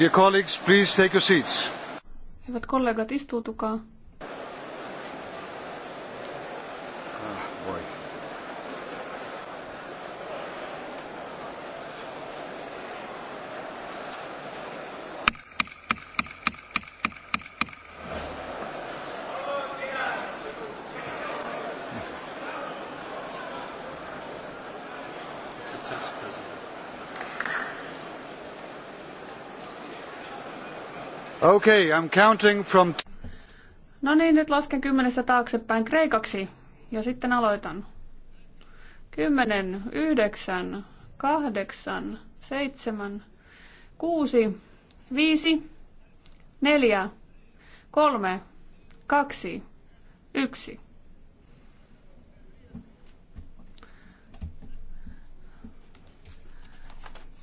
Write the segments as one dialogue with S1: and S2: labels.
S1: Dear colleagues, please take your seats.
S2: Hyvät kollegat, istuutukaa.
S1: Okay, I'm counting from...
S2: No niin, nyt lasken kymmenestä taaksepäin kreikaksi ja sitten aloitan. Kymmenen, yhdeksän, kahdeksan, seitsemän, kuusi, viisi, neljä, kolme, kaksi, yksi.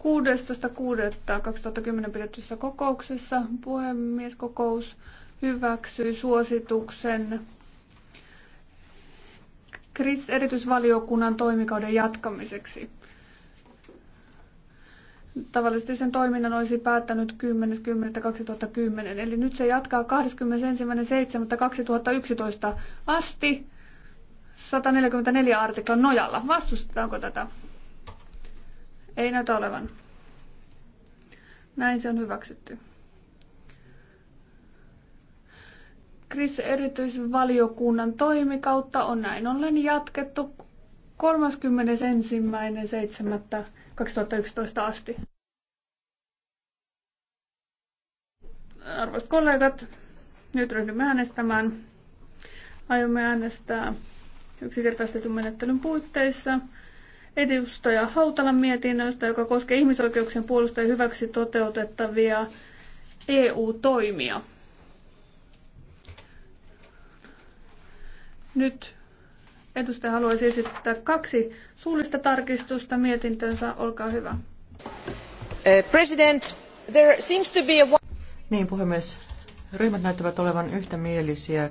S2: 16.6.2010 pidetyssä kokouksessa puhemieskokous hyväksyi suosituksen KRIS-erityisvaliokunnan toimikauden jatkamiseksi. Tavallisesti sen toiminnan olisi päättänyt 10.10.2010, eli nyt se jatkaa 21.7.2011 asti 144 artiklan nojalla. Vastustetaanko tätä? Ei näytä olevan. Näin se on hyväksytty. Kris erityisvaliokunnan toimikautta on näin ollen jatkettu 31.7.2011 asti. Arvoisat kollegat, nyt ryhdymme äänestämään. Aiomme äänestää yksinkertaistetun menettelyn puitteissa edustaja Hautalan mietinnöstä, joka koskee ihmisoikeuksien puolustajien hyväksi toteutettavia EU-toimia. Nyt edustaja haluaisi esittää kaksi suullista tarkistusta mietintönsä. Olkaa hyvä.
S3: Eh, president, there seems to be a... Niin, puhemies. Ryhmät näyttävät olevan yhtämielisiä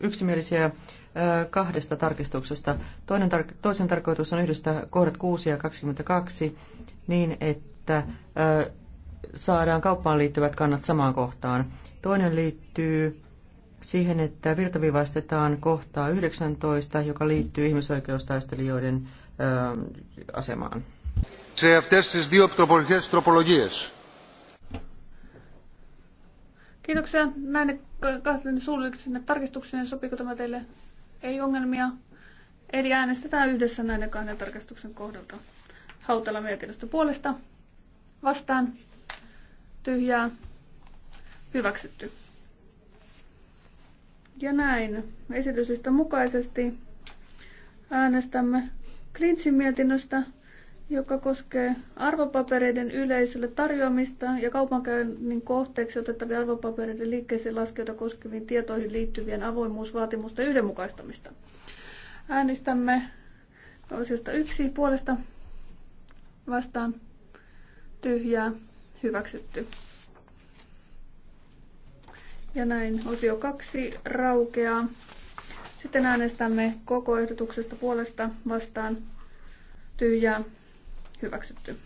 S3: yksimielisiä kahdesta tarkistuksesta. Toinen tar- toisen tarkoitus on yhdistää kohdat 6 ja 22 niin, että saadaan kauppaan liittyvät kannat samaan kohtaan. Toinen liittyy siihen, että virtaviivaistetaan kohtaa 19, joka liittyy ihmisoikeustaistelijoiden ö, asemaan.
S1: Se αυτές τις δύο τροπολογίες.
S2: Kiitoksia näin kahden suullisenne tarkistukseen. Sopiiko tämä teille? Ei ongelmia. Eli äänestetään yhdessä näiden kahden tarkastuksen kohdalta. Hautala mietinnöstä puolesta. Vastaan. Tyhjää. Hyväksytty. Ja näin. Esityslistan mukaisesti äänestämme Klintsin mietinnöstä joka koskee arvopapereiden yleisölle tarjoamista ja kaupankäynnin kohteeksi otettavia arvopapereiden liikkeeseen laskijoita koskeviin tietoihin liittyvien avoimuusvaatimusten yhdenmukaistamista. Äänestämme osiosta yksi puolesta vastaan tyhjää hyväksytty. Ja näin osio kaksi raukeaa. Sitten äänestämme koko ehdotuksesta puolesta vastaan tyhjää Hyväksytty.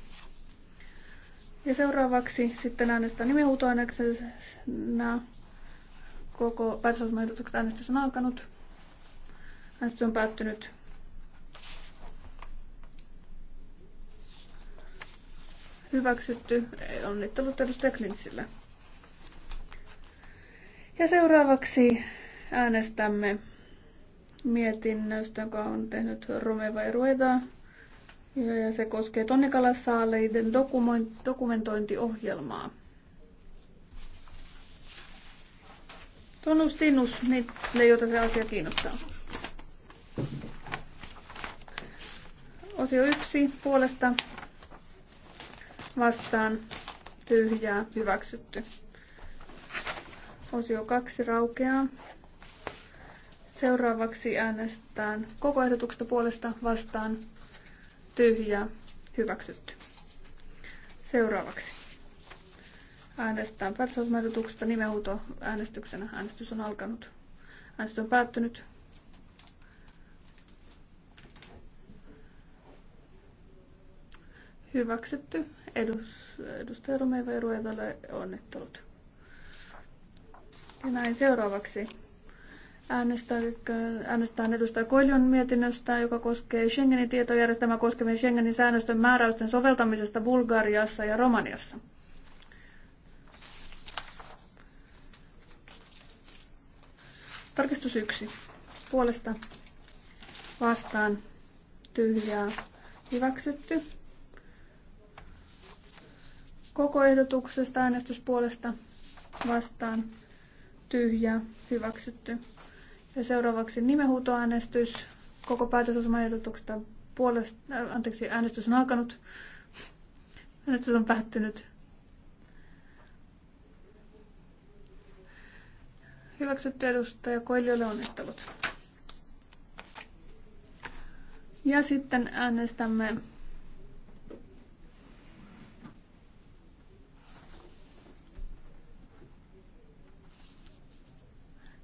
S2: Ja seuraavaksi sitten äänestetään nimenhuutoaineksena. Koko päätösosmaehdotukset äänestys on alkanut. Äänestys on päättynyt. Hyväksytty. Onnittelut edustaja Klintsille. Ja seuraavaksi äänestämme mietinnöstä, joka on tehnyt Romeva ja Rueda, ja se koskee tonnikalassaaleiden dokumentointiohjelmaa. Tonus Tinus, ne, joita se asia kiinnostaa. Osio yksi puolesta vastaan tyhjää hyväksytty. Osio kaksi raukeaa. Seuraavaksi äänestetään koko ehdotuksesta puolesta vastaan tyhjää, hyväksytty. Seuraavaksi. Äänestetään päätösosmaehdotuksesta nimenhuuto äänestyksenä. Äänestys on alkanut. Äänestys on päättynyt. Hyväksytty. Edus, edustaja Romeva ja Ruetalle onnittelut. Ja näin seuraavaksi Äänestetään edustaja Koljon mietinnöstä, joka koskee Schengenin tietojärjestelmää koskevien Schengenin säännösten määräysten soveltamisesta Bulgariassa ja Romaniassa. Tarkistus yksi Puolesta vastaan tyhjää hyväksytty. Koko ehdotuksesta äänestyspuolesta vastaan tyhjää hyväksytty. Ja seuraavaksi nimenhuutoäänestys. Koko päätösosmaehdotuksesta puolesta, äh, anteeksi, äänestys on alkanut. Äänestys on päättynyt. Hyväksytty edustaja Koiliolle onnittelut. Ja sitten äänestämme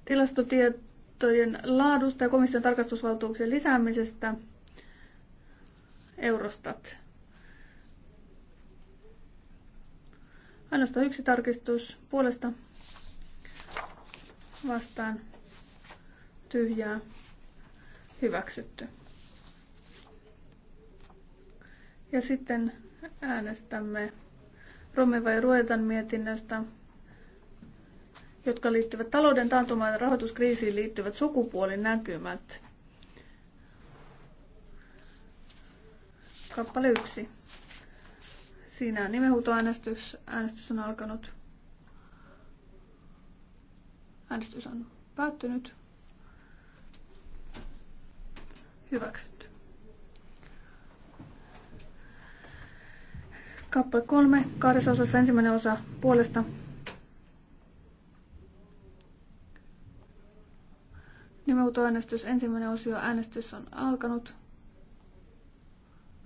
S2: tilastotieto tietojen laadusta ja komission tarkastusvaltuuksien lisäämisestä Eurostat. Ainoastaan yksi tarkistus puolesta vastaan tyhjää hyväksytty. Ja sitten äänestämme Romeva ja Ruetan mietinnöstä jotka liittyvät talouden taantumaan ja rahoituskriisiin liittyvät sukupuolinäkymät. Kappale yksi. Siinä nimenhuutoäänestys. Äänestys on alkanut. Äänestys on päättynyt. Hyväksytty. Kappale kolme, kahdessa osassa ensimmäinen osa puolesta Nimenhuutoäänestys, ensimmäinen osio, äänestys on alkanut.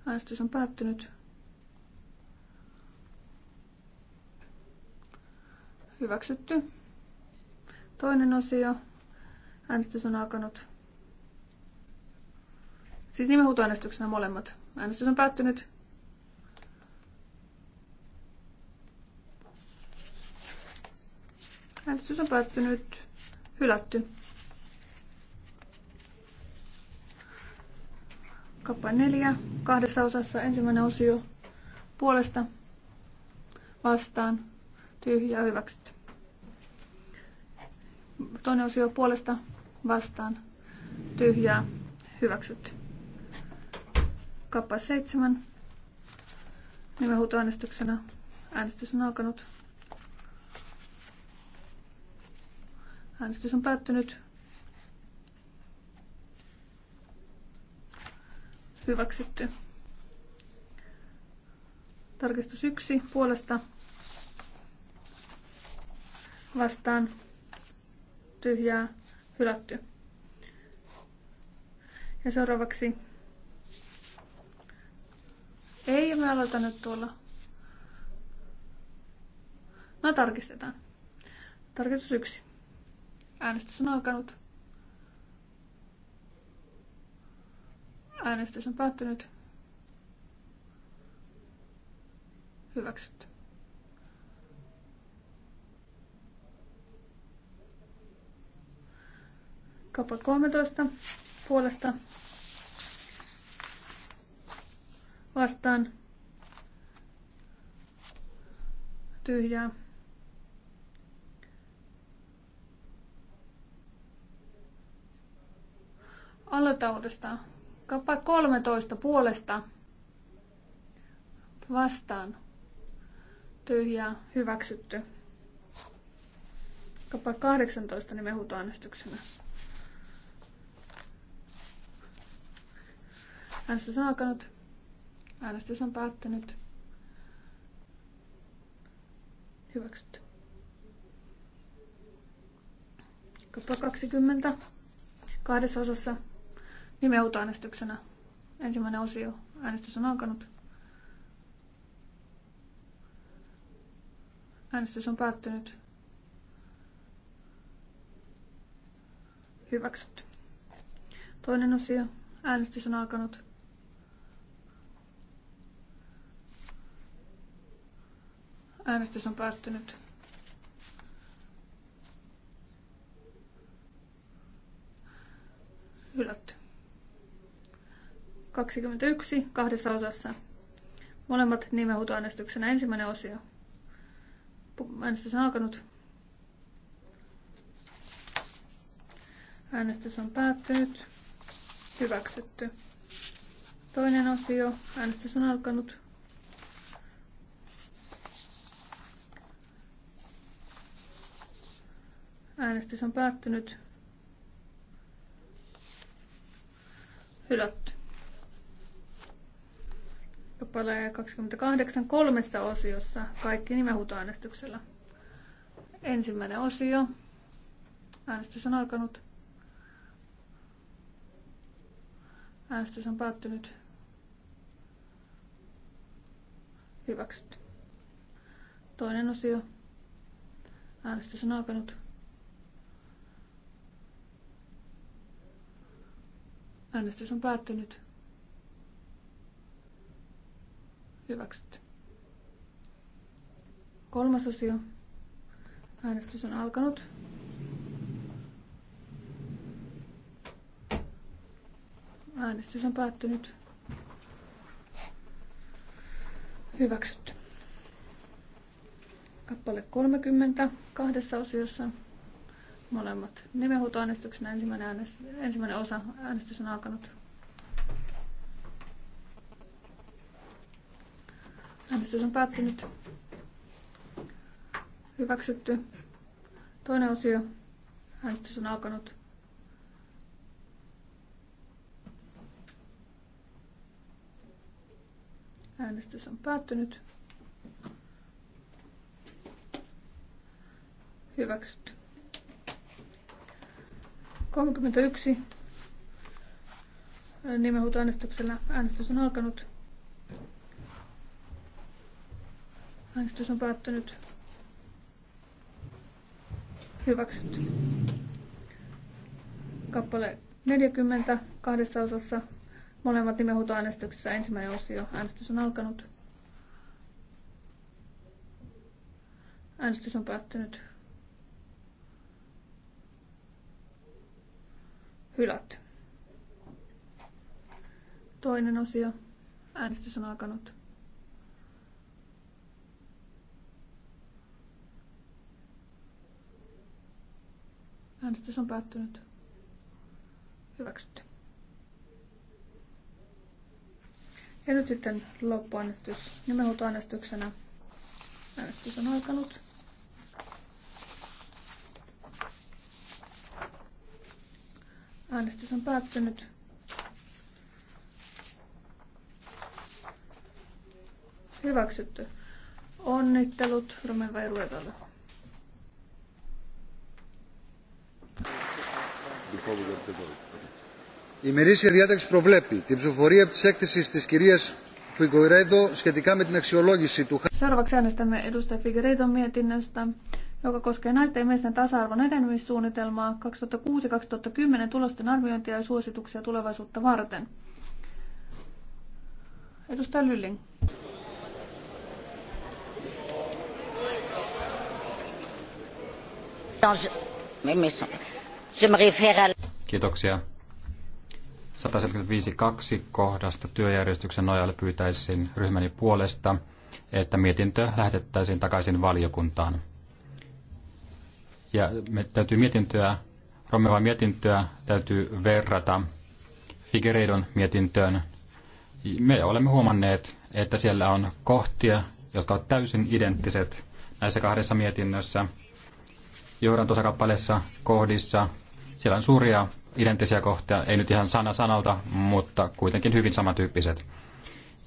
S2: Äänestys on päättynyt. Hyväksytty. Toinen osio. Äänestys on alkanut. Siis nimenhuutoäänestyksenä molemmat. Äänestys on päättynyt. Äänestys on päättynyt. Hylätty. Kappa neljä kahdessa osassa. Ensimmäinen osio puolesta vastaan tyhjä hyväksytty. Toinen osio puolesta vastaan tyhjää hyväksytty. Kappa seitsemän Nimenhuutoäänestyksenä äänestys on alkanut. Äänestys on päättynyt. Hyväksytty. Tarkistus 1 puolesta vastaan tyhjää hylätty. Ja seuraavaksi ei, mä aloitan nyt tuolla. No tarkistetaan. Tarkistus yksi. Äänestys on alkanut. Äänestys on päättynyt. Hyväksytty. Kappa 13 puolesta vastaan tyhjää. Aloita uudestaan. Kappa 13 puolesta vastaan. tyhjä hyväksytty. Kappa 18 nimenhuutoäänestyksenä. Niin Äänestys on alkanut. Äänestys on päättynyt. Hyväksytty. Kappa 20. Kahdessa osassa äänestyksenä. Ensimmäinen osio. Äänestys on alkanut. Äänestys on päättynyt. Hyväksytty. Toinen osio. Äänestys on alkanut. Äänestys on päättynyt. Hylätty. 21 kahdessa osassa. Molemmat nimenhuutoäänestyksenä ensimmäinen osio. Äänestys on alkanut. Äänestys on päättynyt. Hyväksytty. Toinen osio. Äänestys on alkanut. Äänestys on päättynyt. Hylätty kappale 28 kolmessa osiossa, kaikki nimenhuutoäänestyksellä. Ensimmäinen osio. Äänestys on alkanut. Äänestys on päättynyt. Hyväksytty. Toinen osio. Äänestys on alkanut. Äänestys on päättynyt. Hyväksytty. Kolmas osio. Äänestys on alkanut. Äänestys on päättynyt. Hyväksytty. Kappale 30 kahdessa osiossa. Molemmat nimenhuutoäänestyksenä ensimmäinen, ensimmäinen osa. Äänestys on alkanut. Äänestys on päättynyt. Hyväksytty. Toinen osio. Äänestys on alkanut. Äänestys on päättynyt. Hyväksytty. 31. Nimenhuutoäänestyksellä äänestys on alkanut. Äänestys on päättynyt. Hyväksytty. Kappale 40 kahdessa osassa. Molemmat nimenhuutoäänestyksessä. Ensimmäinen osio. Äänestys on alkanut. Äänestys on päättynyt. Hylätty. Toinen osio. Äänestys on alkanut. Äänestys on päättynyt. Hyväksytty. Ja nyt sitten loppuäänestys nimenhuutoäänestyksenä. Äänestys on alkanut. Äänestys on päättynyt. Hyväksytty. Onnittelut Romen vai Ruetalle.
S1: Η μερίσια διάταξη προβλέπει την ψηφοφορία επί της έκθεσης της κυρίας Φιγκοϊρέδο σχετικά με την αξιολόγηση του... Seuraavaksi
S2: äänestämme edustaja Figueiredon mietinnöstä, joka koskee naisten ja miesten tasa-arvon edenemissuunnitelmaa 2006-2010 tulosten arviointia ja suosituksia tulevaisuutta varten. Edustaja Lylling. je me réfère à
S4: Kiitoksia. 175.2 kohdasta työjärjestyksen nojalle pyytäisin ryhmäni puolesta, että mietintö lähetettäisiin takaisin valiokuntaan. Ja me täytyy mietintöä, Romeva mietintöä täytyy verrata Figereidon mietintöön. Me olemme huomanneet, että siellä on kohtia, jotka ovat täysin identtiset näissä kahdessa mietinnössä. Johdan tuossa kappaleessa kohdissa siellä on suuria identtisiä kohtia, ei nyt ihan sana sanalta, mutta kuitenkin hyvin samantyyppiset.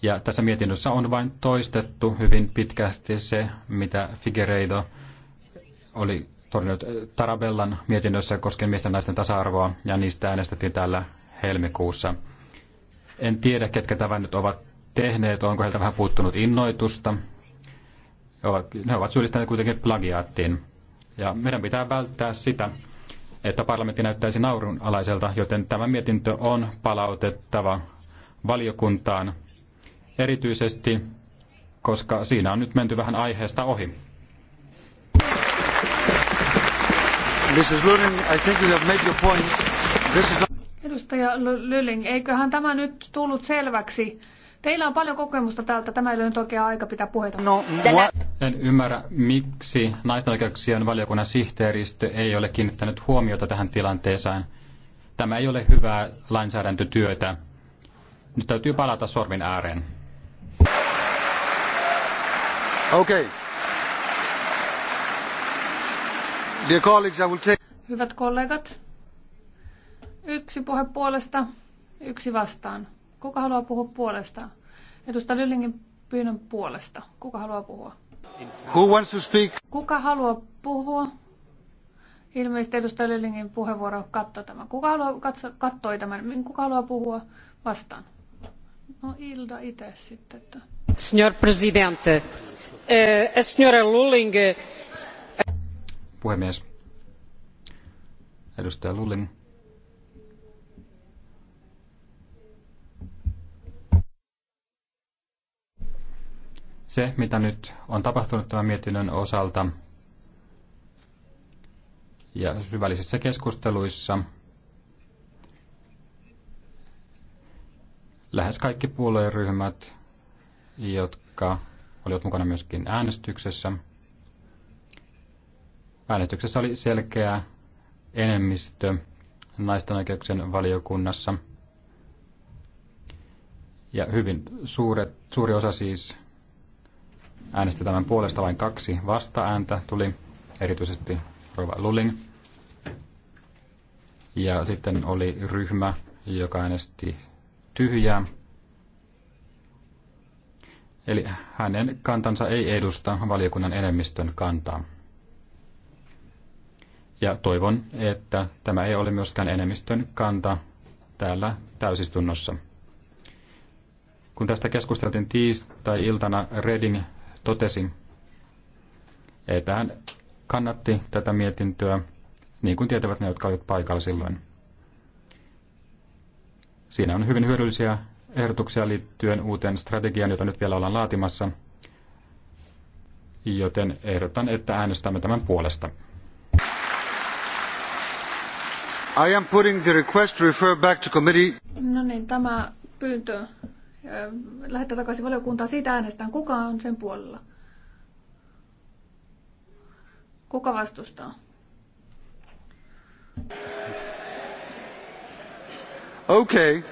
S4: Ja tässä mietinnössä on vain toistettu hyvin pitkästi se, mitä Figueiredo oli todennut eh, Tarabellan mietinnössä koskien miesten naisten tasa-arvoa, ja niistä äänestettiin täällä helmikuussa. En tiedä, ketkä tämän nyt ovat tehneet, onko heiltä vähän puuttunut innoitusta. Ne ovat syyllistäneet kuitenkin plagiaattiin. Ja meidän pitää välttää sitä, että parlamentti näyttäisi naurunalaiselta, joten tämä mietintö on palautettava valiokuntaan erityisesti, koska siinä on nyt menty vähän aiheesta ohi.
S2: Edustaja eiköhän tämä nyt tullut selväksi? Teillä on paljon kokemusta täältä. Tämä ei ole nyt oikea aika pitää puheita. No, mua...
S4: En ymmärrä, miksi naisten oikeuksien valiokunnan sihteeristö ei ole kiinnittänyt huomiota tähän tilanteeseen. Tämä ei ole hyvää lainsäädäntötyötä. Nyt täytyy palata sormin ääreen.
S1: Okei. Okay. Dear colleagues, I will take...
S2: Hyvät kollegat, yksi puhe puolesta, yksi vastaan. Kuka haluaa puhua puolesta? Edustaja Lyllingin pyynnön puolesta. Kuka haluaa puhua?
S1: Who wants to speak?
S2: Kuka haluaa puhua? Ilmeisesti edustaja Lyllingin puheenvuoro katsoi tämän. Kuka haluaa, katso, katsoi tämän? Kuka haluaa puhua vastaan? No Ilda itse sitten. Että...
S3: Signor Presidente, eh, eh signora Lulling... Eh,
S4: Puhemies, edustaja Lulling Se, mitä nyt on tapahtunut tämän mietinnön osalta ja syvällisissä keskusteluissa, lähes kaikki puolueryhmät, jotka olivat mukana myöskin äänestyksessä, Äänestyksessä oli selkeä enemmistö naisten oikeuksien valiokunnassa. Ja hyvin suuret, suuri osa siis äänesti tämän puolesta vain kaksi vasta-ääntä tuli, erityisesti Rova Lulling. Ja sitten oli ryhmä, joka äänesti tyhjää. Eli hänen kantansa ei edusta valiokunnan enemmistön kantaa. Ja toivon, että tämä ei ole myöskään enemmistön kanta täällä täysistunnossa. Kun tästä keskusteltiin tiistai-iltana Reding totesi, että hän kannatti tätä mietintöä, niin kuin tietävät ne, jotka olivat paikalla silloin. Siinä on hyvin hyödyllisiä ehdotuksia liittyen uuteen strategiaan, jota nyt vielä ollaan laatimassa, joten ehdotan, että äänestämme tämän puolesta.
S1: I am putting the request to refer back to committee.
S2: No niin, tämä pyyntö lähettää takaisin valiokuntaan. Siitä äänestään kuka on sen puolella. Kuka vastustaa?
S1: Okei. Okay.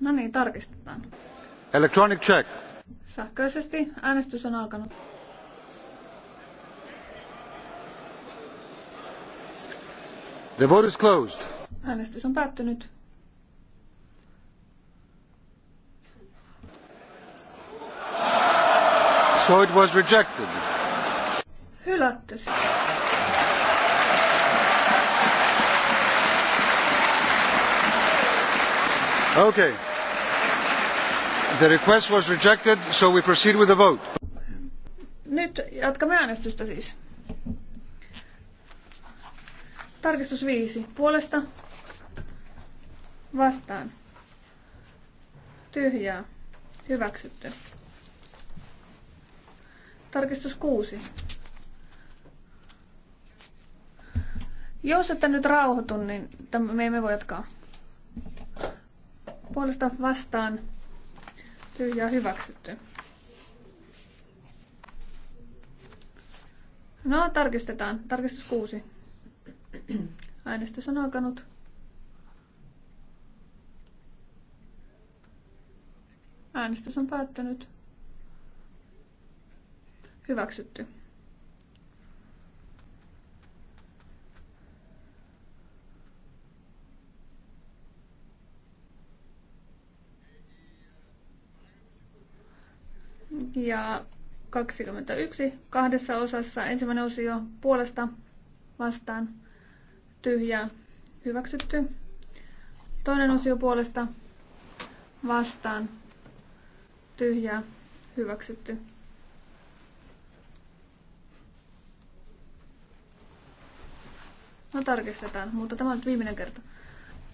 S2: No niin, tarkistetaan.
S1: Electronic check.
S2: Sähköisesti äänestys on alkanut.
S1: The vote is closed.
S2: Äänestys on päättynyt.
S1: So it was rejected. Okay. The request was rejected, so we proceed with the vote.
S2: Nyt jatkamme äänestystä siis. Tarkistus 5. Puolesta. Vastaan. Tyhjää. Hyväksytty. Tarkistus 6. Jos ette nyt rauhoitu, niin me emme voi jatkaa. Puolesta vastaan tyhjää hyväksytty. No, tarkistetaan. Tarkistus 6. Äänestys on alkanut. Äänestys on päättynyt. Hyväksytty. Ja 21 kahdessa osassa. Ensimmäinen osio puolesta vastaan tyhjää hyväksytty. Toinen osio puolesta vastaan tyhjää hyväksytty. No tarkistetaan, mutta tämä on nyt viimeinen kerta.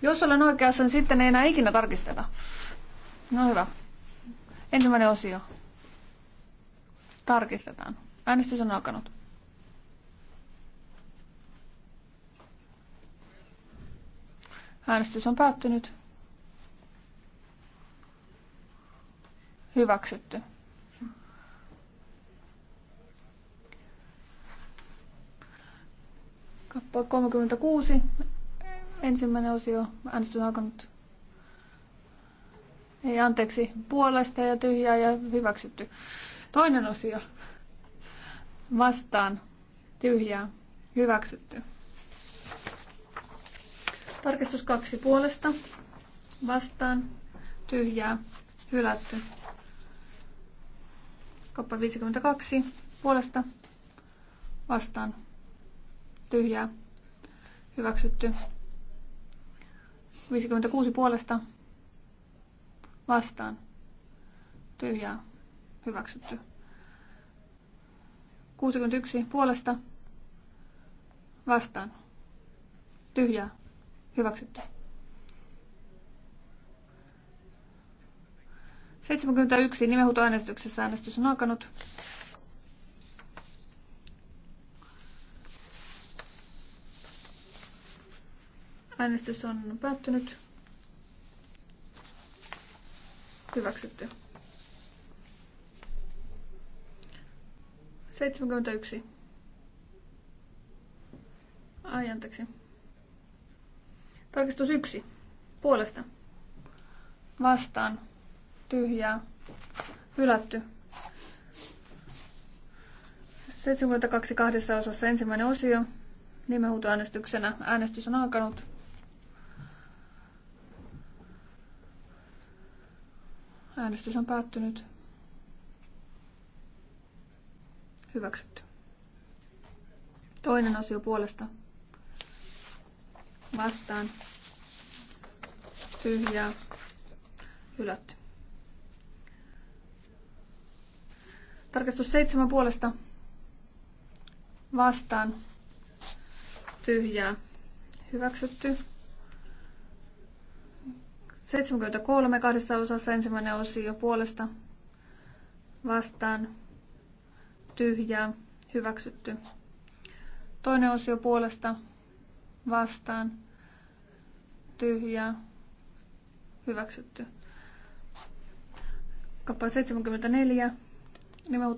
S2: Jos olen oikeassa, niin sitten ei enää ikinä tarkisteta. No hyvä. Ensimmäinen osio. Tarkistetaan. Äänestys on alkanut. Äänestys on päättynyt. Hyväksytty. Kappale 36. Ensimmäinen osio. Äänestys on alkanut. Ei anteeksi. Puolesta ja tyhjää ja hyväksytty. Toinen osio. Vastaan. Tyhjää. Hyväksytty. Tarkistus kaksi puolesta. Vastaan. Tyhjää. Hylätty. Kappale 52. Puolesta. Vastaan tyhjää, hyväksytty. 56 puolesta, vastaan, tyhjää, hyväksytty. 61 puolesta, vastaan, tyhjää, hyväksytty. 71 nimenhuutoäänestyksessä äänestys on alkanut. Äänestys on päättynyt. Hyväksytty. 71. Ai, anteeksi. Tarkistus 1. Puolesta. Vastaan. Tyhjää. Hylätty. 72 kahdessa osassa ensimmäinen osio. Nimenhuutoäänestyksenä äänestys on alkanut. Äänestys on päättynyt. Hyväksytty. Toinen osio puolesta. Vastaan. Tyhjää. Hylätty. Tarkastus seitsemän puolesta. Vastaan. Tyhjää. Hyväksytty. 73 kahdessa osassa ensimmäinen osio puolesta vastaan tyhjää hyväksytty. Toinen osio puolesta vastaan tyhjää hyväksytty. Kappale 74.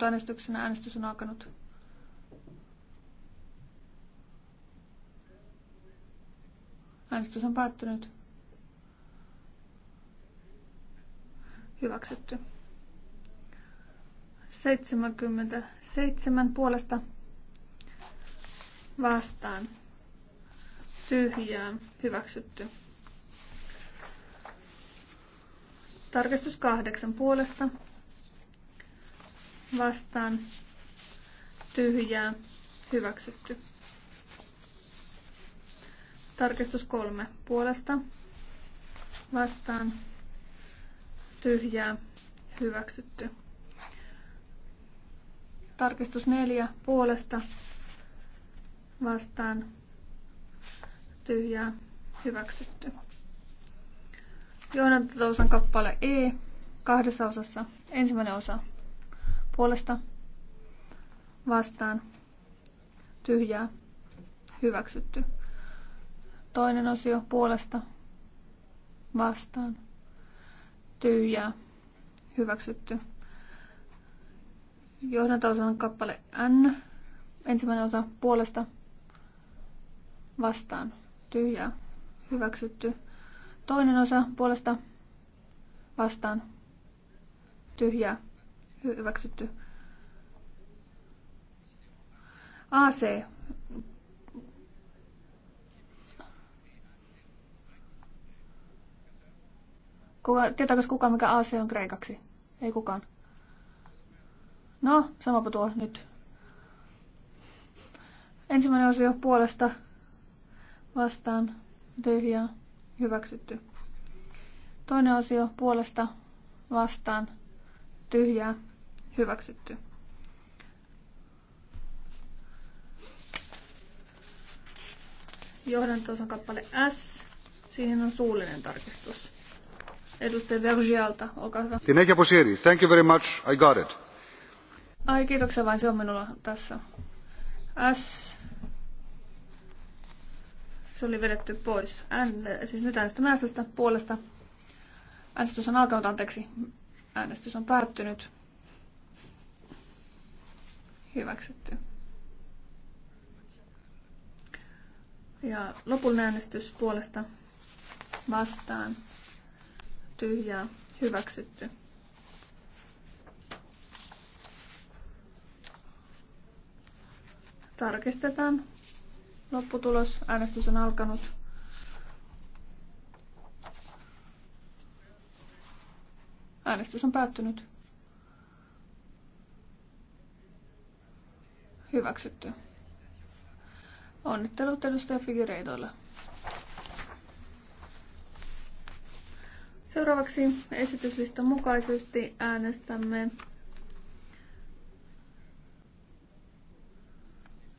S2: äänestyksenä äänestys on alkanut. Äänestys on päättynyt. Hyväksytty. 77 puolesta vastaan. Tyhjää. Hyväksytty. Tarkistus kahdeksan puolesta. Vastaan. Tyhjää. Hyväksytty. Tarkistus kolme puolesta. Vastaan tyhjää, hyväksytty. Tarkistus neljä puolesta vastaan tyhjää, hyväksytty. Johdantotousan kappale E kahdessa osassa. Ensimmäinen osa puolesta vastaan tyhjää, hyväksytty. Toinen osio puolesta vastaan ja hyväksytty. on kappale N, ensimmäinen osa puolesta, vastaan, tyhjää, hyväksytty. Toinen osa puolesta, vastaan, tyhjää, hyväksytty. AC Kuka, tietääkö kukaan, mikä AC on kreikaksi? Ei kukaan. No, samapa tuo nyt. Ensimmäinen osio puolesta vastaan tyhjää hyväksytty. Toinen osio puolesta vastaan tyhjää hyväksytty. Johdantosan kappale S. Siihen on suullinen tarkistus edustaja Vergialta. Olkaa hyvä.
S1: Tineke Posieri, thank you very much, I got it.
S2: Ai kiitoksia vain, se on minulla tässä. S. Se oli vedetty pois. N, siis nyt äänestämme S puolesta. Äänestys on alkanut, anteeksi. Äänestys on päättynyt. Hyväksytty. Ja lopullinen äänestys puolesta vastaan tyhjää, hyväksytty. Tarkistetaan. Lopputulos. Äänestys on alkanut. Äänestys on päättynyt. Hyväksytty. Onnittelut edustaja Figureidolle. Seuraavaksi esityslistan mukaisesti äänestämme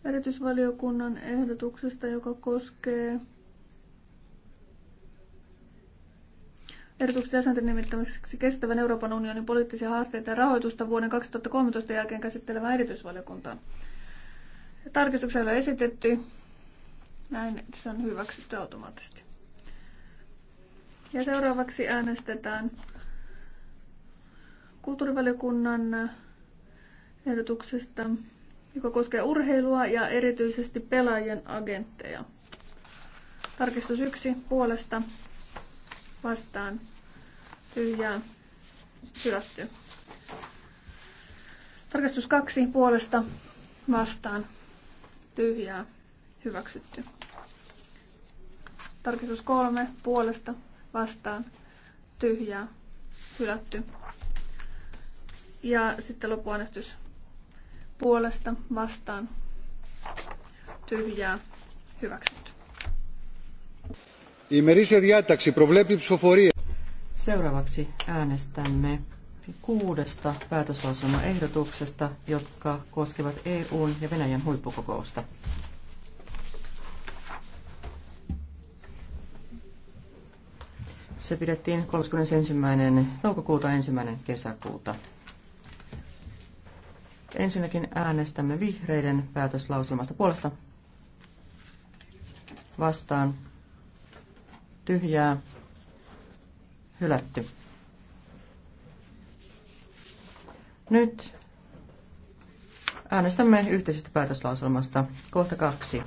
S2: erityisvaliokunnan ehdotuksesta, joka koskee ehdotuksen jäsenten nimittämiseksi kestävän Euroopan unionin poliittisia haasteita ja rahoitusta vuoden 2013 jälkeen käsittelevään erityisvaliokuntaan. Tarkistuksella esitetty. Näin se on hyväksytty automaattisesti. Ja seuraavaksi äänestetään kulttuurivaliokunnan ehdotuksesta, joka koskee urheilua ja erityisesti pelaajien agentteja. Tarkistus yksi puolesta vastaan tyhjää hylätty. Tarkastus kaksi puolesta vastaan tyhjää hyväksytty. Tarkistus kolme puolesta vastaan tyhjää hylätty. Ja sitten loppuäänestys puolesta vastaan tyhjää hyväksytty.
S1: Seuraavaksi
S3: äänestämme kuudesta päätöslauselmaehdotuksesta, jotka koskevat EUn ja Venäjän huippukokousta. Se pidettiin 31. toukokuuta ensimmäinen kesäkuuta. Ensinnäkin äänestämme vihreiden päätöslauselmasta puolesta. Vastaan. Tyhjää. Hylätty. Nyt äänestämme yhteisestä päätöslauselmasta. Kohta kaksi.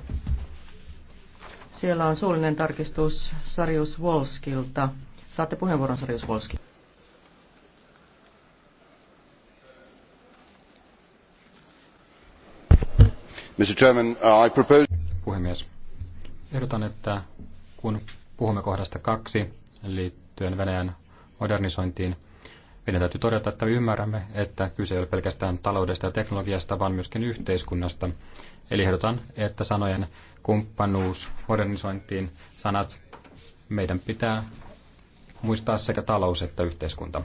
S3: Siellä on suullinen tarkistus Sarius Wolskilta. Saatte puheenvuoron, Sarjus Volski.
S1: Mr. Chairman, uh, I propose... Puhemies,
S4: ehdotan, että kun puhumme kohdasta kaksi liittyen Venäjän modernisointiin, meidän täytyy todeta, että ymmärrämme, että kyse ei ole pelkästään taloudesta ja teknologiasta, vaan myöskin yhteiskunnasta. Eli ehdotan, että sanojen kumppanuus, modernisointiin, sanat, meidän pitää muistaa sekä talous että
S1: yhteiskunta.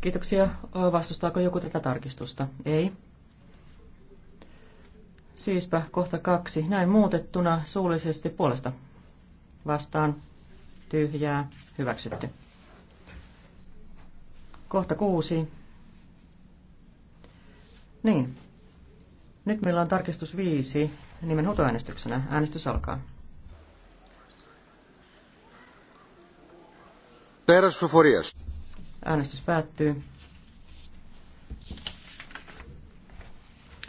S3: Kiitoksia. Vastustaako joku tätä tarkistusta? Ei. Siispä kohta kaksi. Näin muutettuna suullisesti puolesta. Vastaan. Tyhjää. Hyväksytty. Kohta kuusi. Niin. Nyt meillä on tarkistus viisi nimen huutoäänestyksenä. Äänestys alkaa.
S1: Πέρας ψηφοφορίας.
S3: Äänestys päättyy.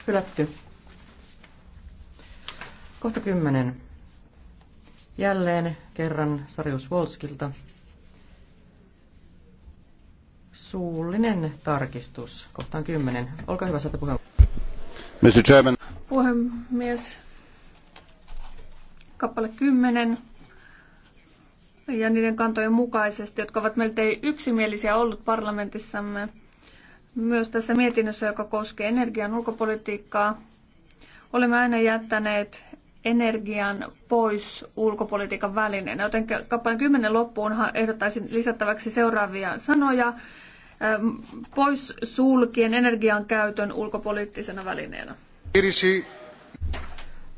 S3: Hylätty. Kohta kymmenen. Jälleen kerran Sarius Volskilta. Suullinen tarkistus. Kohtaan kymmenen. Olkaa hyvä, saatte puheenvuoron.
S1: Mr. Chairman.
S2: Puhemies. Kappale kymmenen ja niiden kantojen mukaisesti, jotka ovat melkein yksimielisiä ollut parlamentissamme. Myös tässä mietinnössä, joka koskee energian ulkopolitiikkaa, olemme aina jättäneet energian pois ulkopolitiikan välineenä. Joten kappaleen 10 loppuun ehdottaisin lisättäväksi seuraavia sanoja pois sulkien energian käytön ulkopoliittisena välineenä.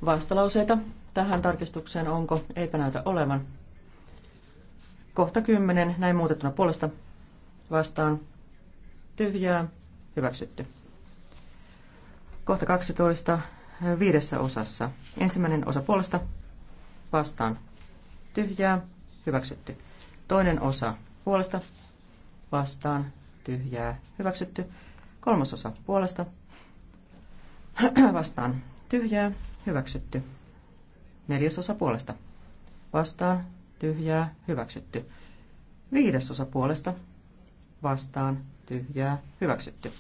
S3: Vastalauseita tähän tarkistukseen onko? Eipä näytä olevan. Kohta 10, näin muutettuna puolesta vastaan tyhjää, hyväksytty. Kohta 12, viidessä osassa. Ensimmäinen osa puolesta vastaan tyhjää, hyväksytty. Toinen osa puolesta vastaan tyhjää, hyväksytty. Kolmas osa puolesta vastaan tyhjää, hyväksytty. Neljäs osa puolesta vastaan tyhjää, hyväksytty. Viidesosa puolesta, vastaan, tyhjää, hyväksytty.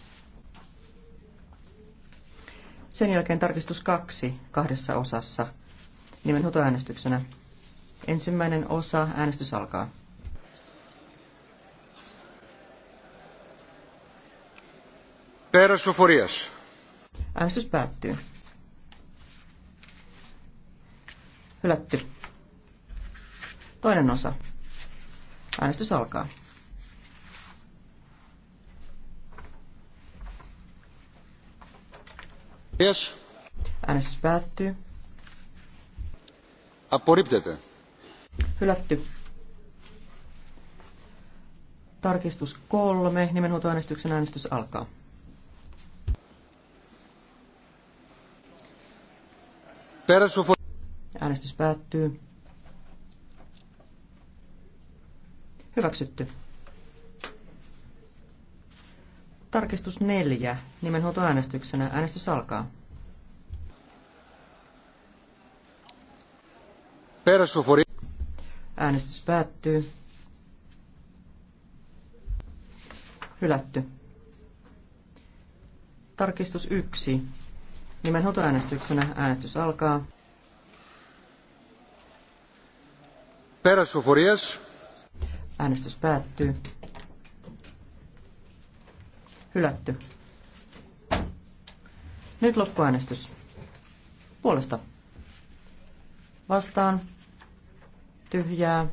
S3: Sen jälkeen tarkistus kaksi kahdessa osassa nimenhuutoäänestyksenä. Ensimmäinen osa, äänestys alkaa. Πέρας Äänestys päättyy. Hylätty. Toinen osa. Äänestys alkaa. Yes. Äänestys päättyy.
S1: Απορρίπτεται.
S3: Hylätty. Tarkistus kolme. Nimenhuutoäänestyksen äänestys alkaa. Äänestys päättyy. Hyväksytty. Tarkistus neljä. Nimenhuoltoäänestyksenä. Äänestys alkaa. Äänestys päättyy. Hylätty. Tarkistus yksi. Nimenhuoltoäänestyksenä. Äänestys alkaa.
S1: Peräsuforias.
S3: Äänestys päättyy. Hylätty. Nyt loppuäänestys. Puolesta. Vastaan. Tyhjää.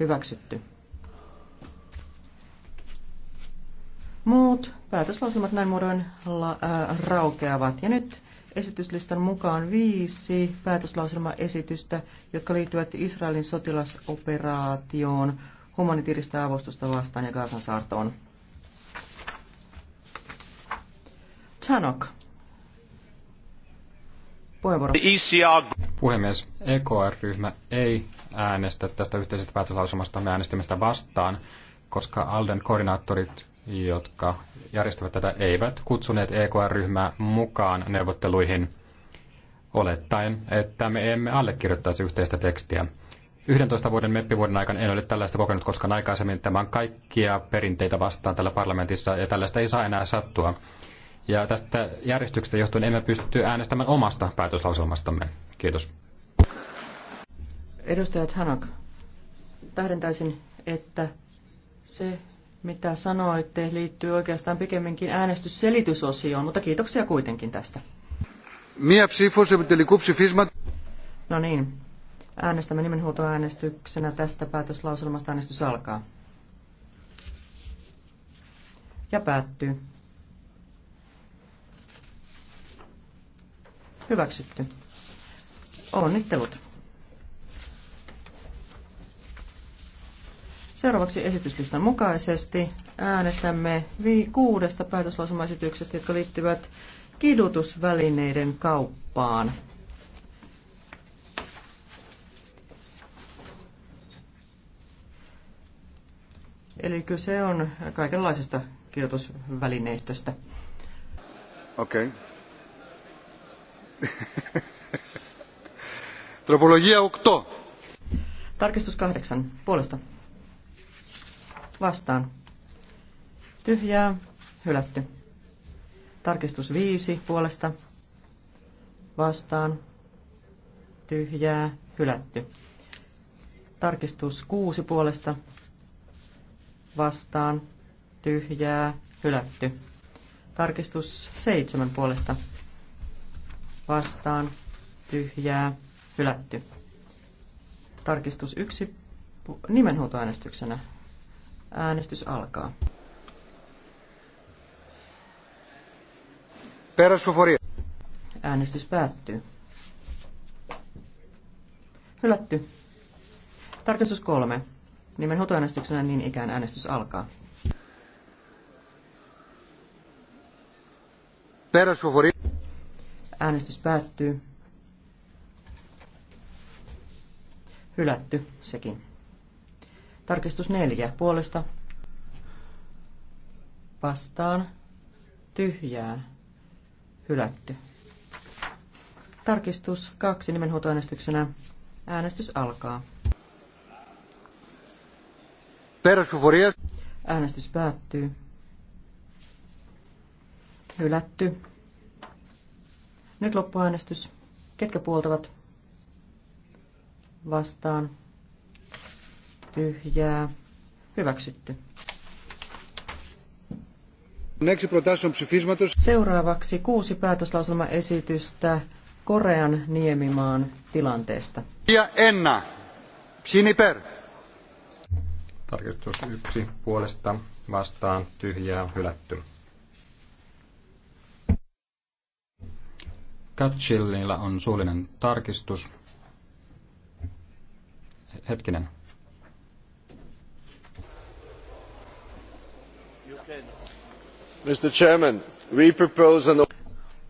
S3: Hyväksytty. Muut päätöslausumat näin muodoin la, ää, äh, raukeavat. Ja nyt esityslistan mukaan viisi päätöslauselmaesitystä, jotka liittyvät Israelin sotilasoperaatioon, humanitiirista avustusta vastaan ja Gaasan saartoon. Chanok. Puheenvuoro.
S4: E Puhemies, EKR-ryhmä ei äänestä tästä yhteisestä päätöslauselmasta. Me äänestämme sitä vastaan, koska Alden koordinaattorit jotka järjestävät tätä, eivät kutsuneet EKR-ryhmää mukaan neuvotteluihin olettaen, että me emme allekirjoittaisi yhteistä tekstiä. 11 vuoden meppivuoden aikana en ole tällaista kokenut koskaan aikaisemmin. Tämä on kaikkia perinteitä vastaan tällä parlamentissa ja tällaista ei saa enää sattua. Ja tästä järjestyksestä johtuen emme pysty äänestämään omasta päätöslauselmastamme. Kiitos.
S3: Edustajat Hanak, tähdentäisin, että se mitä sanoitte, liittyy oikeastaan pikemminkin äänestysselitysosioon, mutta kiitoksia kuitenkin tästä.
S1: Μία ψήφος
S3: No niin, äänestämme nimenhuoltoäänestyksenä tästä päätöslauselmasta äänestys alkaa. Ja päättyy. Hyväksytty. Onnittelut. Seuraavaksi esityslistan mukaisesti äänestämme vi- kuudesta päätöslausumaesityksestä, jotka liittyvät kidutusvälineiden kauppaan. Eli kyse on kaikenlaisesta kidutusvälineistöstä.
S1: Okei. Okay. Tropologia 8.
S3: Tarkistus 8. Puolesta vastaan. Tyhjää, hylätty. Tarkistus 5 puolesta vastaan. Tyhjää, hylätty. Tarkistus 6 puolesta vastaan. Tyhjää, hylätty. Tarkistus 7 puolesta vastaan. Tyhjää, hylätty. Tarkistus 1 nimenhuutoäänestyksenä Äänestys alkaa. Äänestys päättyy. Hylätty. Tarkistus kolme. Nimen hotoäänestyksenä niin ikään äänestys alkaa. Äänestys päättyy. Hylätty sekin. Tarkistus neljä puolesta vastaan tyhjää hylätty. Tarkistus kaksi nimenhuutoäänestyksenä. Äänestys alkaa. Äänestys päättyy. Hylätty. Nyt loppuäänestys. Ketkä puoltavat? Vastaan tyhjää, hyväksytty. Seuraavaksi kuusi päätöslauselmaesitystä Korean niemimaan tilanteesta.
S1: Ja Enna, Siniper.
S4: Tarkistus yksi puolesta vastaan tyhjää hylätty. Katsillilla on suullinen tarkistus. Hetkinen.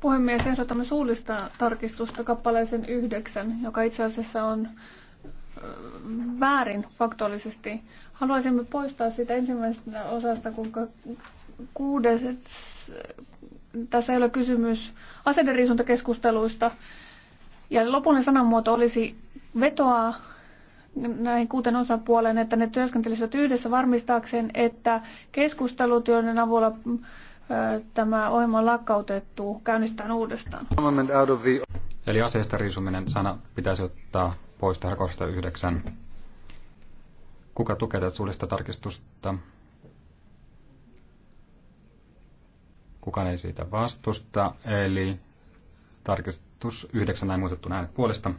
S2: Puhemies, ehdotamme suullista tarkistusta kappaleeseen yhdeksän, joka itse asiassa on väärin faktuaalisesti. Haluaisimme poistaa sitä ensimmäisestä osasta, kuinka kuudes, tässä ei ole kysymys aseidenriisuntakeskusteluista. Ja lopullinen sanamuoto olisi vetoaa näihin kuuteen osapuoleen, että ne työskentelisivät yhdessä varmistaakseen, että keskustelut, joiden avulla tämä ohjelma on lakkautettu, käynnistetään uudestaan.
S1: Eli aseista
S4: riisuminen sana pitäisi ottaa pois tähän kohdasta yhdeksän. Kuka tukee tätä suullista tarkistusta? Kukaan ei siitä vastusta, eli tarkistus yhdeksän näin muutettu äänet puolesta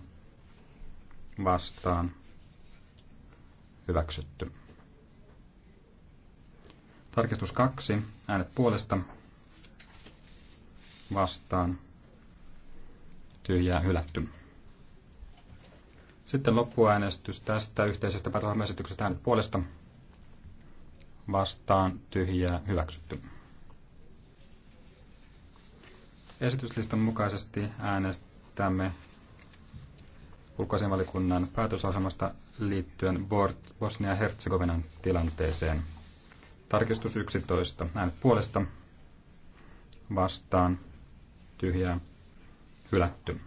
S4: vastaan hyväksytty. Tarkistus 2. Äänet puolesta vastaan tyhjää hylätty. Sitten loppuäänestys tästä yhteisestä päätösesityksestä äänet puolesta vastaan tyhjää hyväksytty. Esityslistan mukaisesti äänestämme ulkoasianvalikunnan päätösasemasta liittyen Bosnia-Herzegovinan tilanteeseen. Tarkistus 11. Äänet puolesta vastaan tyhjää hylätty.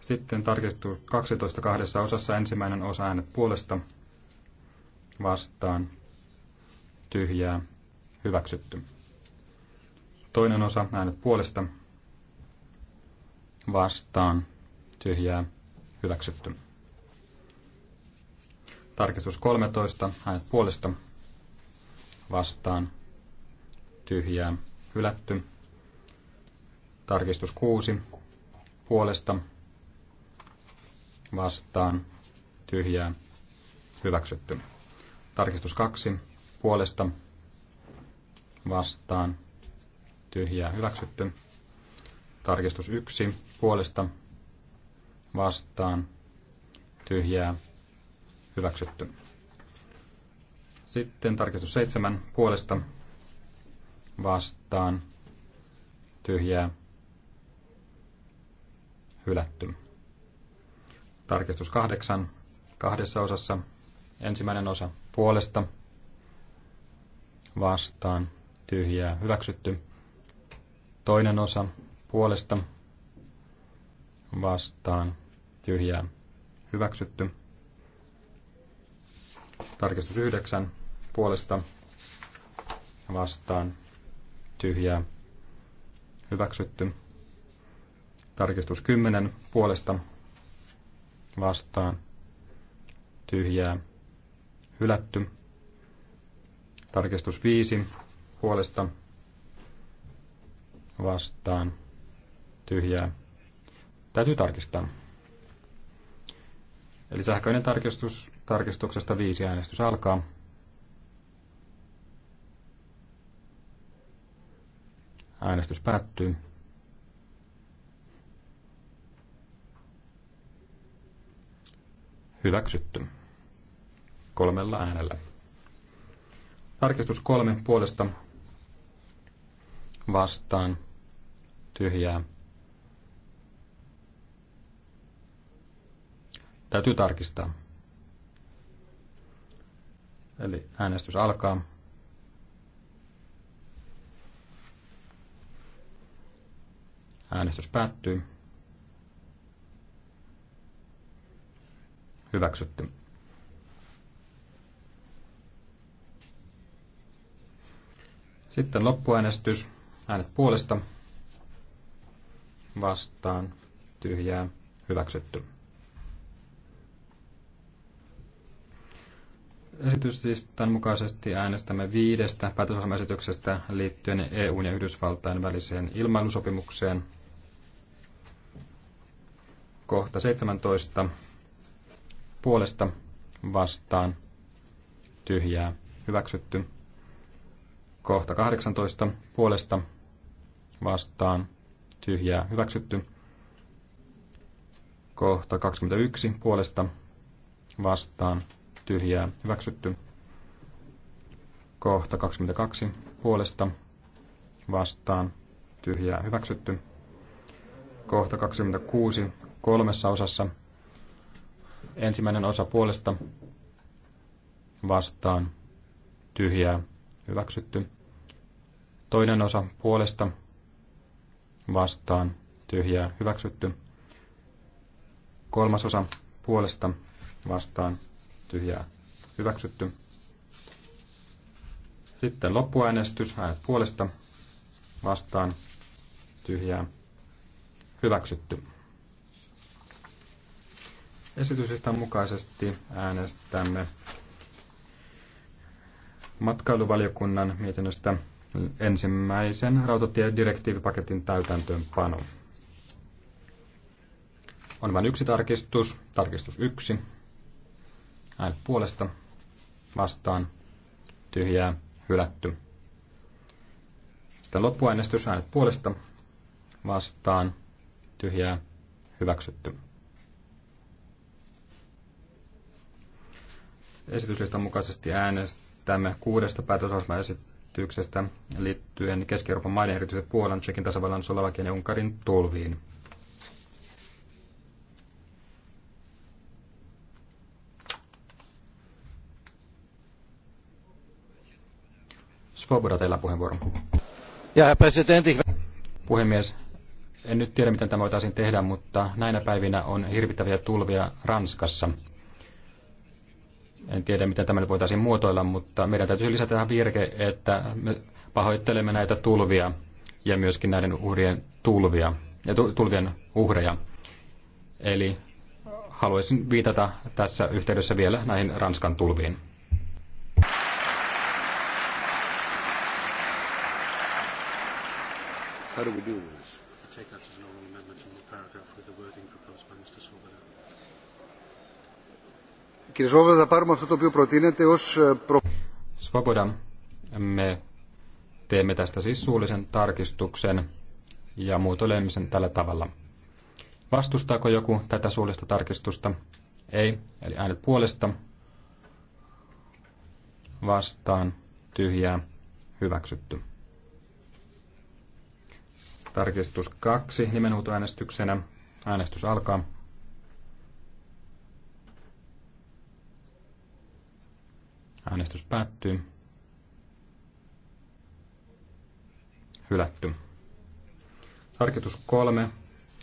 S4: Sitten tarkistus 12 kahdessa osassa ensimmäinen osa äänet puolesta vastaan tyhjää hyväksytty. Toinen osa äänet puolesta vastaan tyhjää hyväksytty. Tarkistus 13, äänet puolesta, vastaan, tyhjää, hylätty. Tarkistus 6, puolesta, vastaan, tyhjää, hyväksytty. Tarkistus 2, puolesta, vastaan, tyhjää, hyväksytty. Tarkistus 1, puolesta, vastaan vastaan tyhjää hyväksytty. Sitten tarkistus 7 puolesta vastaan tyhjää hylätty. Tarkistus 8 kahdessa osassa. Ensimmäinen osa puolesta vastaan tyhjää hyväksytty. Toinen osa puolesta vastaan tyhjää hyväksytty. Tarkistus 9 puolesta vastaan tyhjää hyväksytty. Tarkistus 10 puolesta vastaan tyhjää hylätty. Tarkistus 5 puolesta vastaan tyhjää Täytyy tarkistaa. Eli sähköinen tarkistus tarkistuksesta viisi äänestys alkaa. Äänestys päättyy. Hyväksytty. Kolmella äänellä. Tarkistus kolme puolesta vastaan tyhjää Täytyy tarkistaa. Eli äänestys alkaa. Äänestys päättyy. Hyväksytty. Sitten loppuäänestys. Äänet puolesta. Vastaan. Tyhjää. Hyväksytty. Esityslistan mukaisesti äänestämme viidestä päätösasemaesityksestä liittyen EUn ja Yhdysvaltain väliseen ilmailusopimukseen. Kohta 17. Puolesta vastaan tyhjää hyväksytty. Kohta 18. Puolesta vastaan tyhjää hyväksytty. Kohta 21. Puolesta vastaan tyhjää hyväksytty. Kohta 22 puolesta vastaan tyhjää hyväksytty. Kohta 26 kolmessa osassa. Ensimmäinen osa puolesta vastaan tyhjää hyväksytty. Toinen osa puolesta vastaan tyhjää hyväksytty. Kolmas osa puolesta vastaan tyhjää hyväksytty. Sitten loppuäänestys, äänet puolesta, vastaan, tyhjää, hyväksytty. Esityslistan mukaisesti äänestämme matkailuvaliokunnan mietinnöstä ensimmäisen rautatiedirektiivipaketin täytäntöönpano. On vain yksi tarkistus, tarkistus yksi Äänet puolesta vastaan tyhjää hylätty. Sitten loppuäänestys äänet puolesta vastaan tyhjää hyväksytty. Esityslistan mukaisesti äänestämme kuudesta päätösosmaesityksestä liittyen Keski-Euroopan maiden erityisesti Puolan, Tsekin tasavallan, Solovakian ja Unkarin tulviin. Svoboda, teillä puheenvuoro. Ja presidentti. Puhemies, en nyt tiedä, miten tämä voitaisiin tehdä, mutta näinä päivinä on hirvittäviä tulvia Ranskassa. En tiedä, miten tämä voitaisiin muotoilla, mutta meidän täytyy lisätä tähän virke, että me pahoittelemme näitä tulvia ja myöskin näiden uhrien tulvia ja tulvien uhreja. Eli haluaisin viitata tässä yhteydessä vielä näihin Ranskan tulviin.
S1: How do we deal with this? I take that as an oral amendment in the paragraph with the wording proposed by Mr. Swoboda. Κύριε Σόβολα, θα πάρουμε αυτό το οποίο προτείνεται ως... Svoboda,
S4: me teemme tästä siis suullisen tarkistuksen ja muotoilemme sen tällä tavalla. Vastustaako joku tätä suullista tarkistusta? Ei, eli äänet puolesta. Vastaan, tyhjää, hyväksytty. Tarkistus kaksi nimenhuutoäänestyksenä. Äänestys alkaa. Äänestys päättyy. Hylätty. Tarkistus kolme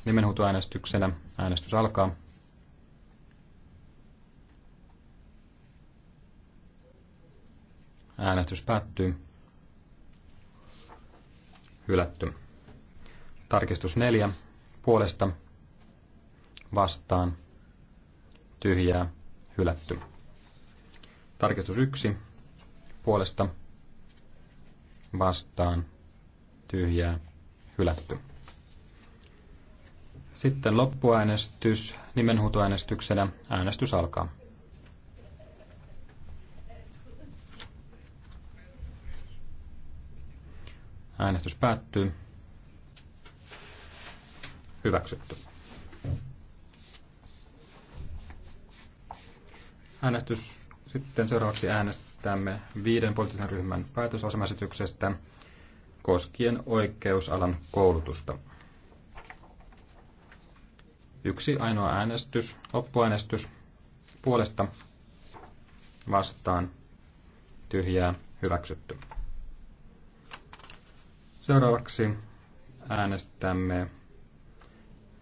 S4: nimenhuutoäänestyksenä. Äänestys alkaa. Äänestys päättyy. Hylätty. Tarkistus neljä puolesta vastaan tyhjää hylätty. Tarkistus yksi puolesta vastaan tyhjää hylätty. Sitten loppuäänestys nimenhuutoäänestyksenä. Äänestys alkaa. Äänestys päättyy. Hyväksytty. Äänestys. Sitten seuraavaksi äänestämme viiden poliittisen ryhmän päätösasemaesityksestä koskien oikeusalan koulutusta. Yksi ainoa äänestys, loppuäänestys puolesta vastaan tyhjää hyväksytty. Seuraavaksi äänestämme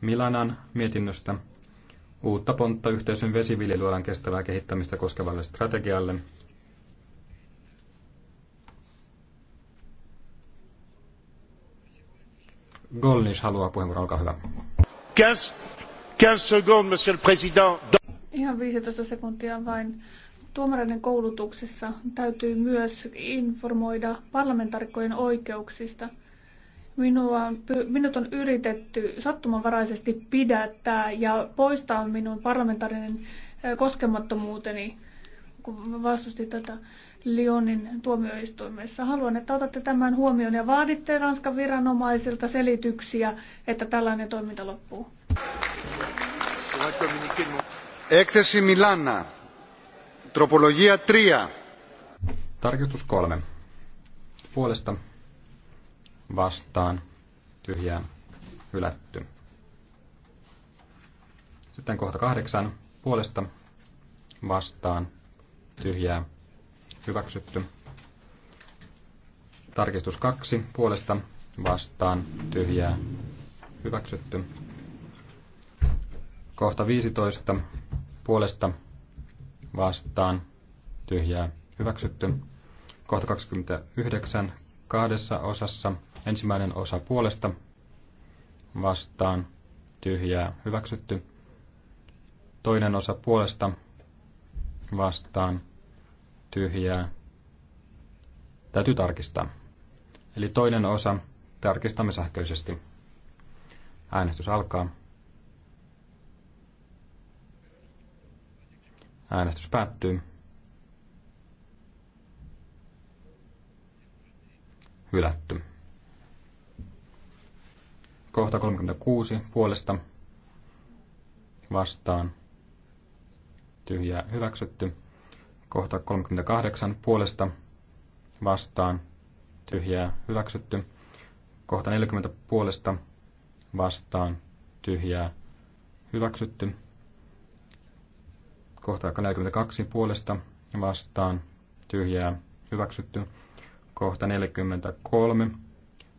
S4: Milanan mietinnöstä uutta pontta yhteisön vesiviljelyalan kestävää kehittämistä koskevalle strategialle.
S1: Golnish haluaa puheenvuoron, olkaa hyvä. 15, 15 secondes, monsieur le président.
S2: Ihan 15 sekuntia vain. Tuomareiden koulutuksessa täytyy myös informoida parlamentarikkojen oikeuksista – Minua, minut on yritetty sattumanvaraisesti pidättää ja poistaa minun parlamentaarinen koskemattomuuteni, kun vastustin tätä Lyonin tuomioistuimessa. Haluan, että otatte tämän huomioon ja vaaditte Ranskan viranomaisilta selityksiä, että tällainen toiminta loppuu.
S1: Έκθεση Milana, Tropologia 3. Tarkistus 3.
S4: Puolesta vastaan tyhjää hylätty. Sitten kohta kahdeksan puolesta vastaan tyhjää hyväksytty. Tarkistus kaksi puolesta vastaan tyhjää hyväksytty. Kohta 15 puolesta vastaan tyhjää hyväksytty. Kohta 29 kahdessa osassa. Ensimmäinen osa puolesta vastaan tyhjää hyväksytty. Toinen osa puolesta vastaan tyhjää täytyy tarkistaa. Eli toinen osa tarkistamme sähköisesti. Äänestys alkaa. Äänestys päättyy. hylätty. Kohta 36 puolesta vastaan tyhjää hyväksytty. Kohta 38 puolesta vastaan tyhjää hyväksytty. Kohta 40 puolesta vastaan tyhjää hyväksytty. Kohta 42 puolesta vastaan tyhjää hyväksytty Kohta 43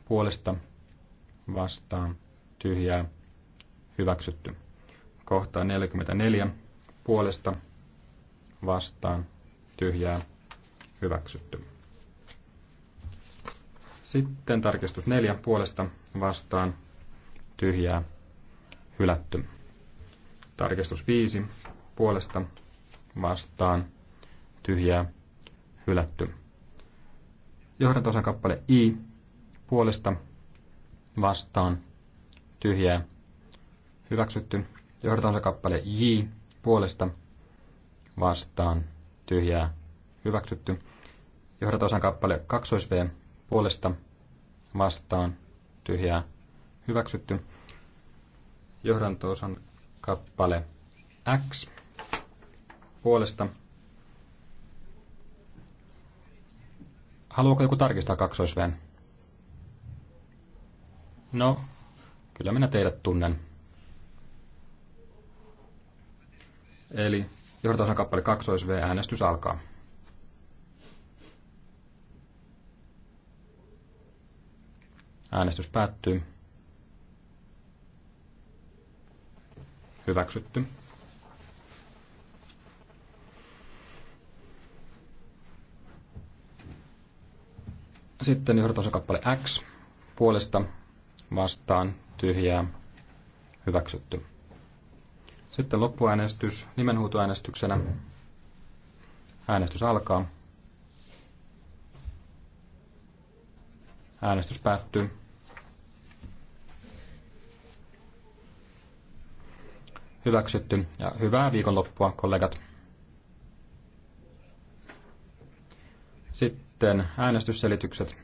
S4: puolesta vastaan tyhjää hyväksytty. Kohta 44 puolesta vastaan tyhjää hyväksytty. Sitten tarkistus 4 puolesta vastaan tyhjää hylätty. Tarkistus 5 puolesta vastaan tyhjää hylätty. Johdantosan kappale I puolesta vastaan tyhjää hyväksytty. Johdantosan kappale J puolesta vastaan tyhjää hyväksytty. Johdantosan kappale 2V puolesta vastaan tyhjää hyväksytty. Johdantoosan kappale X puolesta Haluatko joku tarkistaa kaksoisveen? No, kyllä minä teidät tunnen. Eli johdotason kappale 2 V äänestys alkaa. Äänestys päättyy. Hyväksytty. Sitten osakappale X puolesta vastaan tyhjää hyväksytty. Sitten loppuäänestys nimenhuutoäänestyksenä. Äänestys alkaa. Äänestys päättyy. Hyväksytty ja hyvää viikonloppua kollegat. Sitten sitten äänestysselitykset.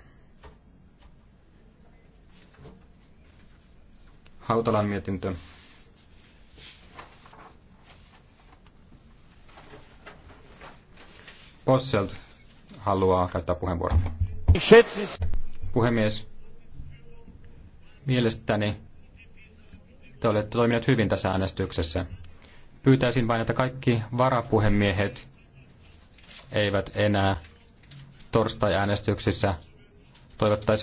S4: Hautalan mietintö. Posselt haluaa käyttää puheenvuoron. Puhemies, mielestäni te olette toimineet hyvin tässä äänestyksessä. Pyytäisin vain, että kaikki varapuhemiehet
S1: eivät enää torstai-äänestyksissä toivottaisiin